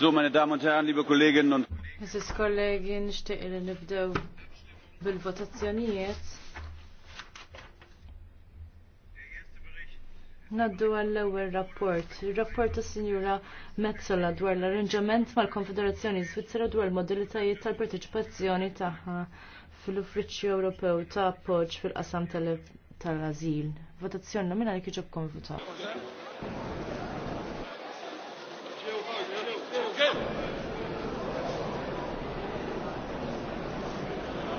So, meine Damen und Herren, liebe Kolleginnen und Kollegen. Kollegi, nixtieq li nibdew bil-votazzjonijiet. Naddu għall-ewwel rapport. Il-rapport ta' Sinjura Mezzola dwar l-arranġament mal-Konfederazzjoni Svizzera dwar l-modalitajiet tal-parteċipazzjoni tagħha fil-Uffiċċju Ewropew ta' appoġġ fil-qasam tal-azil. Votazzjoni nominali kieġob konvutat.